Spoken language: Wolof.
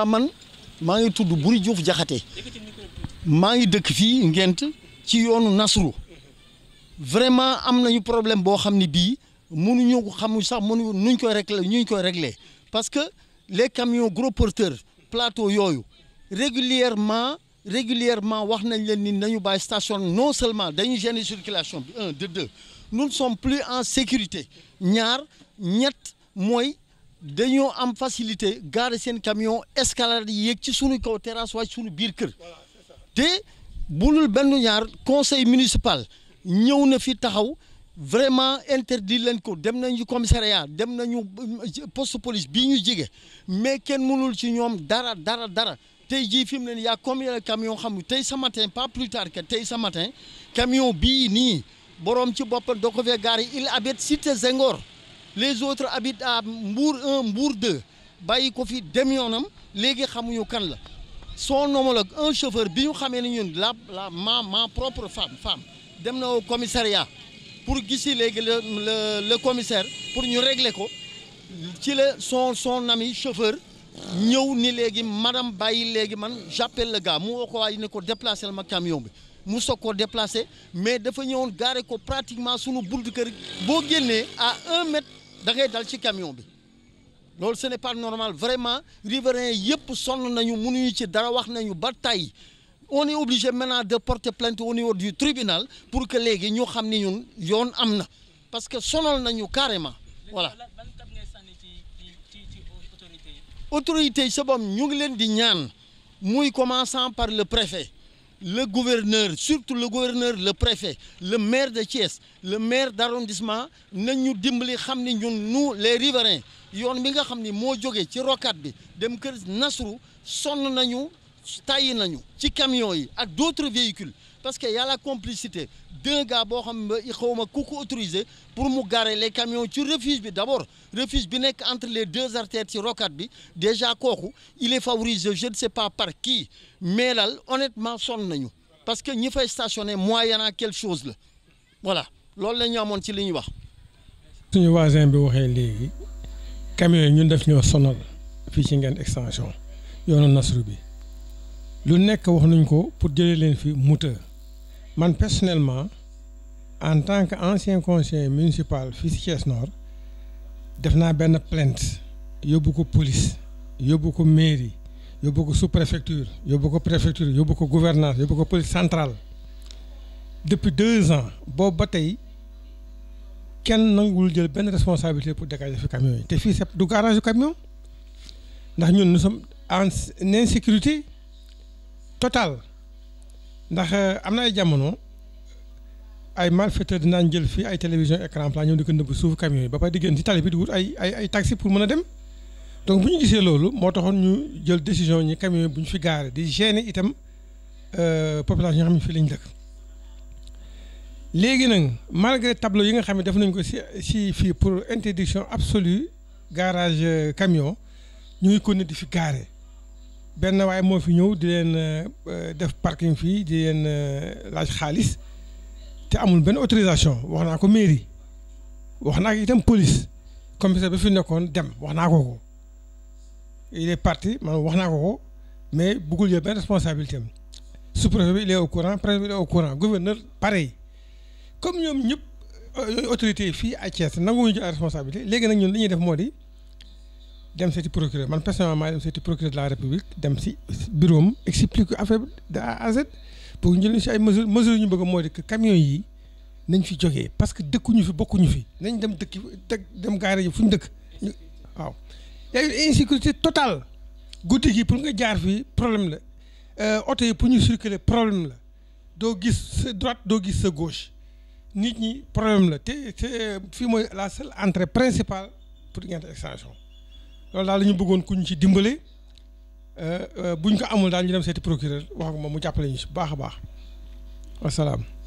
waaw man maa ngi tudd Buri Diouf Jaxate maa ngi dëkk fii Ngent ci yoonu Nasru vraiment am nañu problème boo xam ne bii mënuñu ko xamuñ sax mënu nuñ koy réglé ñu koy réglé parce que les camions gros porteurs plateau yooyu régulièrement régulièrement wax nañ leen ni nañu bàyyi station non seulement dañu gêner circulation bi un de deux nous ne plus en sécurité ñaar ñett mooy dañoo am facilité gaare seen camion escalade yéeg ci sunu kaw terrasse waaye sunu biir kër te bulul benn ñaar conseil municipal ñëw na fi taxaw vraiment interdit leen ko dem nañu commissariat dem nañu euh, poste police bii ñu jige mais kenn mënul ci ñoom dara dara dara tey jii fi mu ne nii y' a combien de camion tey ce matin pas plus tard que tey ce matin camion bii nii borom ci boppam da ko fee gaare il habite cité Senghor les autres habitent à Mbour 1 Mbour 2 bàyyi ko fi dem yoonam léegi xamuñu kan la son homologue un chauffeur bi ñu xamee ne ñun la la ma ma propre femme femme dem na au commissariat pour gisi léegi le le le pour ñu régler ko ci la son son ami chauffeur ñëw ni léegi madame bàyyi léegi man j'appelle le gars mu woo ko waaye ne ko déplacé ma camion bi. mu soog koo déplacé mais dafa ñëwoon gaare ko pratiquement sunu buntu kër boo génnee à un mètre da ngay dal ci camion bi loolu ce n'est pas normal vraiment riverains yëpp sonn nañu ñu ci dara wax nañu ba tàyyi on est obligé maintenant de porté plainte au niveau du tribunal pour que léegi ñu xam ni ñun yoon am na parce que sonal nañu carrément voilà autorité yi sa ñu ngi leen di ñaan muy commençant par le préfet le gouverneur surtout le gouverneur le préfet le maire de Thiès le maire d'arrondissement nañ ñu dimbali xam ni ñun nous les riverains yoon bi nga xam ni moo joge ci rocade bi dem kër Nasrou sonn nañu tàyyi nañu ci camions yi ak d'autres véhicules parce que y complicité d'un gars boo xam ne xaw ma ku ko pour mu garer les camions ci refuge bi d'abord refuge bi nekk entre les deux artères ci rocade bi déjà kooku il est favorisé je ne sais pas par qui mais daal honnêtement sonn nañu parce que ñi fay stationner moyennant quelque chose la voilà loolu la ñu amoon ci li ñuy wax. suñu voisin bi waxee léegi camions yi ñun def ñoo sonal fii ci ngeen extension yoonu Nasru bi. lu nekk wax nañ ko pour jëlee leen fi muta man personnellement en tant que ancien conseiller municipal fii si Thiès Nord def naa benn plainte yóbbu ko police yóbbu ko mairie yóbbu ko sous-préfecture yóbbu ko préfecture yóbbu ko gouvernance yóbbu ko police centrale depuis deux ans boobu ba tey kenn nanguwul jël benn responsabilité pour dégager fi camion yi te fii c'est du garage camion ndax ñun nous sommes en insécurité total ndax euh, am na ay jamono ay malfaiteurs dinaan jël fii ay télévision écran plat ñëw di ko nëbb suuf camion yi ba pare di génn ci tali bi di wut ay ay ay taxi pour mën a dem donc bu ñu gisee loolu moo taxoon ñu jël décision ñi camion bu ñu fi gaare di gêner itam euh, population yi nga xam ne fii lañ dëkk léegi nag malgré tableau yi nga xam ne def nañ ko si si fii pour interdiction absolue garage euh, camion ñu ngi continuer di fi gaare benn waaye moo fi ñëw di leen euh, def parking fii di leen euh, laaj xaalis te amul benn autorisation wax naa ko mairie wax naa ko itam police commissaire bi fi nekkoon dem wax naa ko ko il est parti man wax naa ko ko mais bëggul yow benn responsabilité am sous bi il est au courant préfet bi il est au courant gouverneur pareil comme ñoom ñëpp euh, autorité yi fii à Thiès nanguwuñu a responsabilité léegi nag ñun li ñuy def moo di. dem seeti procureur man personnellement maa dem seeti procureur de la république dem si bureau am explique affaire de A pour ñu si ay mesures mesures ñu bëgg mooy que camions yi nañ fi jógee parce que dëkkuñu fi bokkuñu fi nañ dem dëkk dëkk dem gaare yi fu ñu dëkk waaw totale guddi gi pour nga jaar fii problème la euh, oto yi pour problème la doo gis sa droite doo gis sa gauche nit ñi problème la te fii mooy la seule entrée principale pour Ngent Extension lool daal la ñu bëggoon ku ñu ci dimbale euh, euh, buñ ko amul daal ñu dem seeti procureur wax nga mu jàppale ñu si baax a baax wasalaam.